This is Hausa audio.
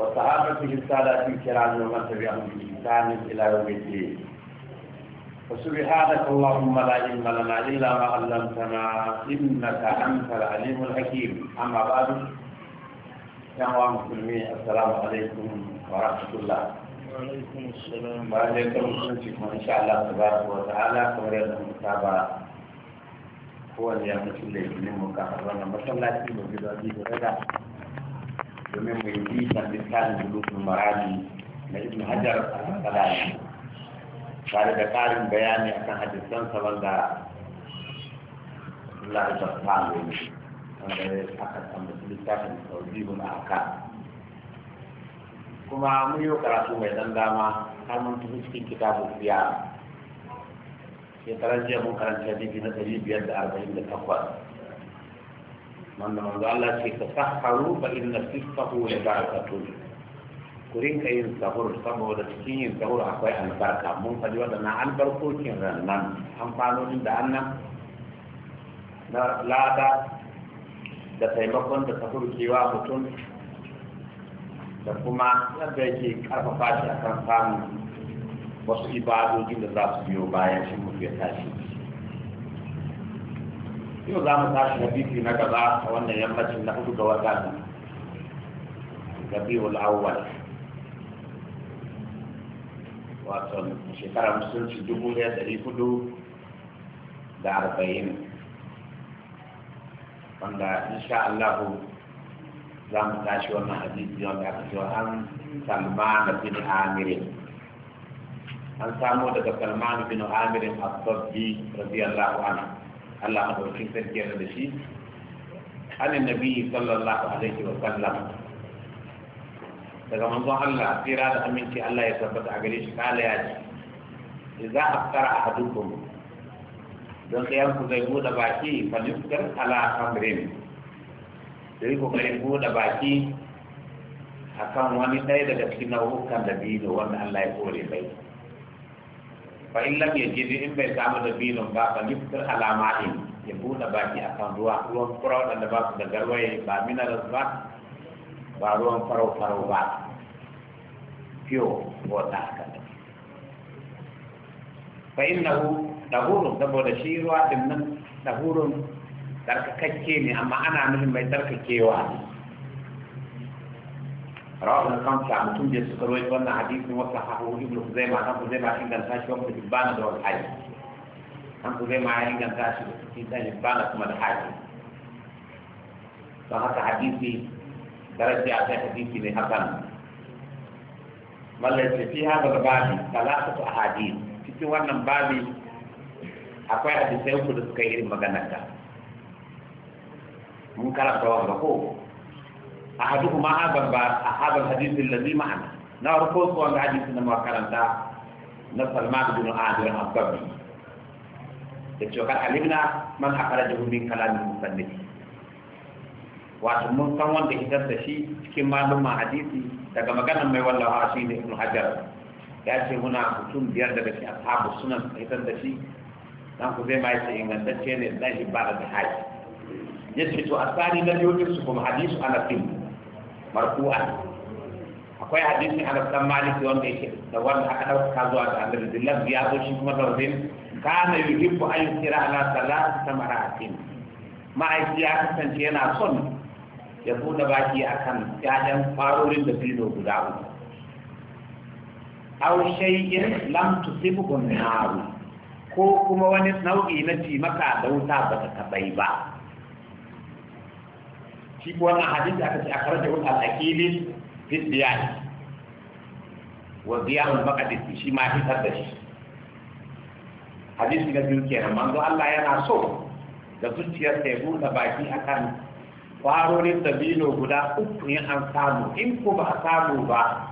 وصحابته السادات الكرام ومن تبعهم بإحسان إلى يوم الدين فسبحانك اللهم لا علم لنا إلا ما علمتنا إنك أنت العليم الحكيم أما بعد يا مسلمين السلام عليكم ورحمة الله وعليكم السلام وعليكم السلام إن شاء الله تبارك وتعالى كوريا المتابعة هو اللي يعمل كل اللي يمكن مثلا في مجال domin mai bisan littafin bulukun marami na ibn hajar al-asqalani tare da ƙarin bayani akan hadisansa wanda Allah ya tafa ne wanda ya aka tambaci littafin tawzibul aka. kuma mun yi karatu mai dan dama har mun tafi cikin kitabu siya shekarar jiya mun karanta bibi na ɗari biyar da arba'in da takwas man manzo Allah ce ka saharu fa inna sifahu barakatun ku rinka yin sahur saboda cikin yin sahur akwai albarka mun faɗi waɗannan albarkokin rannan amfanonin da annan na lada da taimakon da sahur kewa mutum da kuma yadda yake karfafa shi akan samun wasu ibadojin da za su biyo bayan shi mutu ya tashi yau za mu tashi hadisi na gaba a wannan yammacin na hudu ga wata biyu al'awwal wato shekara musulunci dubu ɗaya ɗari hudu da arba'in wanda insha Allah za mu tashi wannan hadisi wanda aka cewa an salman bin amir an samu daga salman bin amir as-sabbi radiyallahu anhu Allah madaukin sarki yana da shi an annabi sallallahu alaihi wa sallam daga manzon Allah tsira da aminci Allah ya tabbata a gare shi kala ya ce idza aftara ahadukum don kayan ku zai buɗe baki falistar ala amrin da yi kokarin buɗe baki akan wani ɗaya daga cikin nau'ukan da biyu wanda Allah ya kore bai fa in lam yajid in bai samu da binin ba fa alama alamati ya buɗe baki akan ruwa ruwan fura wadanda ba su da garwaye ba minerals ba ba ruwan farau farau ba ko ta haka ne hu da dahurun saboda shi ruwa din nan dahurun tsarkakakke ne amma ana nufin mai tsarkakewa ne رواه الخمسة عن تنجي السكر ويتولى حديث وصححه ابن خزيمة عن خزيمة عن إنجل تاشي وابن حبان دور الحاج عن خزيمة عن إنجل تاشي وابن حبان ثم الحاج فهذا حديثي درجة في حديثي لهبان ما الذي في هذا الباب ثلاثة أحاديث في وانا بابي akwai hadisai uku da suka yi irin maganar ta mun karanta wanda ko ahaduhuma haban ba ahaban hadisin ladhi ma'ana na farko su wanda hadisin da makaranta na Salman bin Adir Abbabi yace kan alimna man akhrajahu min kalam musannif wato mun san wanda hitar da shi cikin malumma hadisi daga maganar mai wallawa shi ne Ibn Hajar ya ce muna mutum biyar daga cikin ashabu sunan hitar da shi dan ku zai ma yace ingantacce ne dan ba da haji yace to asali na biyu su kuma hadisu ana fimu marfu'an akwai hadisin Anas dan Malik wanda yake da wanda aka dauka zuwa ga Annabi dillan ya zo shi kuma tawzin kana yuhibbu an yusira ala salati samaratin ma'aiki ya kasance yana son ya buɗe baki akan ƴaƴan farorin da filo guda uku aw shay'in lam tusibhu an ko kuma wani nau'i na cimaka da wuta ba ta tabai ba shi ko wannan hadisi aka ce a karanta wani al'akili ne wa ziyarar makadisi shi ma fitar da shi hadisi na biyu kenan manzo Allah yana so da zuciyar sai buɗe baki akan kwarorin dabino guda uku in an samu in ko ba a samu ba